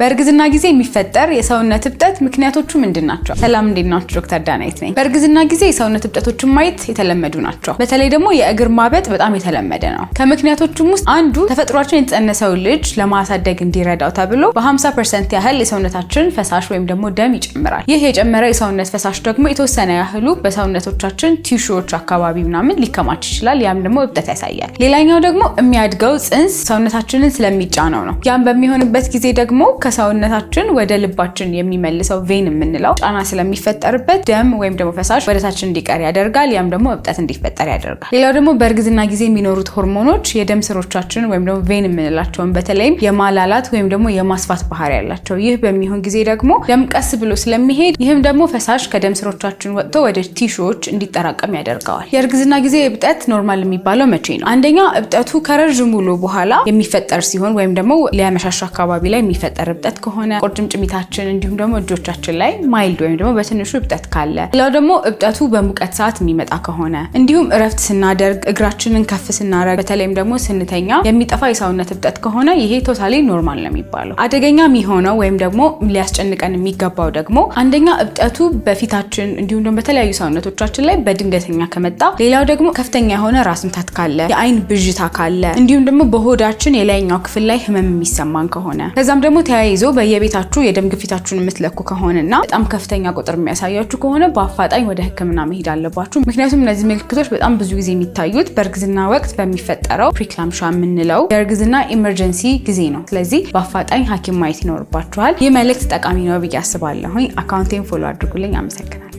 በእርግዝና ጊዜ የሚፈጠር የሰውነት እብጠት ምክንያቶቹ ምንድን ናቸው? ሰላም እንዴት ናችሁ? ዶክተር ዳናይት ነኝ። በእርግዝና ጊዜ የሰውነት እብጠቶችን ማየት የተለመዱ ናቸው። በተለይ ደግሞ የእግር ማበጥ በጣም የተለመደ ነው። ከምክንያቶቹም ውስጥ አንዱ ተፈጥሯችን የተጸነሰው ልጅ ለማሳደግ እንዲረዳው ተብሎ በ50 ፐርሰንት ያህል የሰውነታችን ፈሳሽ ወይም ደግሞ ደም ይጨምራል። ይህ የጨመረ የሰውነት ፈሳሽ ደግሞ የተወሰነ ያህሉ በሰውነቶቻችን ቲሹዎች አካባቢ ምናምን ሊከማች ይችላል። ያም ደግሞ እብጠት ያሳያል። ሌላኛው ደግሞ የሚያድገው ጽንስ ሰውነታችንን ስለሚጫነው ነው። ያም በሚሆንበት ጊዜ ደግሞ ከሰውነታችን ወደ ልባችን የሚመልሰው ቬን የምንለው ጫና ስለሚፈጠርበት ደም ወይም ደግሞ ፈሳሽ ወደታችን እንዲቀር ያደርጋል። ያም ደግሞ እብጠት እንዲፈጠር ያደርጋል። ሌላው ደግሞ በእርግዝና ጊዜ የሚኖሩት ሆርሞኖች የደም ስሮቻችን ወይም ደግሞ ቬን የምንላቸውን በተለይም የማላላት ወይም ደግሞ የማስፋት ባህሪ ያላቸው፣ ይህ በሚሆን ጊዜ ደግሞ ደም ቀስ ብሎ ስለሚሄድ ይህም ደግሞ ፈሳሽ ከደም ስሮቻችን ወጥቶ ወደ ቲሹዎች እንዲጠራቀም ያደርገዋል። የእርግዝና ጊዜ እብጠት ኖርማል የሚባለው መቼ ነው? አንደኛ እብጠቱ ከረዥም ውሎ በኋላ የሚፈጠር ሲሆን ወይም ደግሞ ሊያመሻሽ አካባቢ ላይ የሚፈጠር እብጠት ከሆነ ቁርጭምጭሚታችን፣ እንዲሁም ደግሞ እጆቻችን ላይ ማይልድ ወይም ደግሞ በትንሹ እብጠት ካለ፣ ሌላው ደግሞ እብጠቱ በሙቀት ሰዓት የሚመጣ ከሆነ እንዲሁም እረፍት ስናደርግ እግራችንን ከፍ ስናደርግ፣ በተለይም ደግሞ ስንተኛ የሚጠፋ የሰውነት እብጠት ከሆነ ይሄ ቶታሊ ኖርማል ነው የሚባለው። አደገኛ የሚሆነው ወይም ደግሞ ሊያስጨንቀን የሚገባው ደግሞ አንደኛ እብጠቱ በፊታችን እንዲሁም ደግሞ በተለያዩ ሰውነቶቻችን ላይ በድንገተኛ ከመጣ፣ ሌላው ደግሞ ከፍተኛ የሆነ ራስ ምታት ካለ፣ የአይን ብዥታ ካለ፣ እንዲሁም ደግሞ በሆዳችን የላይኛው ክፍል ላይ ህመም የሚሰማን ከሆነ ከዛም ደግሞ ተያይ ተያይዞ በየቤታችሁ የደም ግፊታችሁን የምትለኩ ከሆነና በጣም ከፍተኛ ቁጥር የሚያሳያችሁ ከሆነ በአፋጣኝ ወደ ሕክምና መሄድ አለባችሁ። ምክንያቱም እነዚህ ምልክቶች በጣም ብዙ ጊዜ የሚታዩት በእርግዝና ወቅት በሚፈጠረው ፕሪክላምሻ የምንለው የእርግዝና ኢመርጀንሲ ጊዜ ነው። ስለዚህ በአፋጣኝ ሐኪም ማየት ይኖርባችኋል። ይህ መልእክት ጠቃሚ ነው ብዬ አስባለሁኝ። አካውንቴን ፎሎ አድርጉልኝ። አመሰግናል።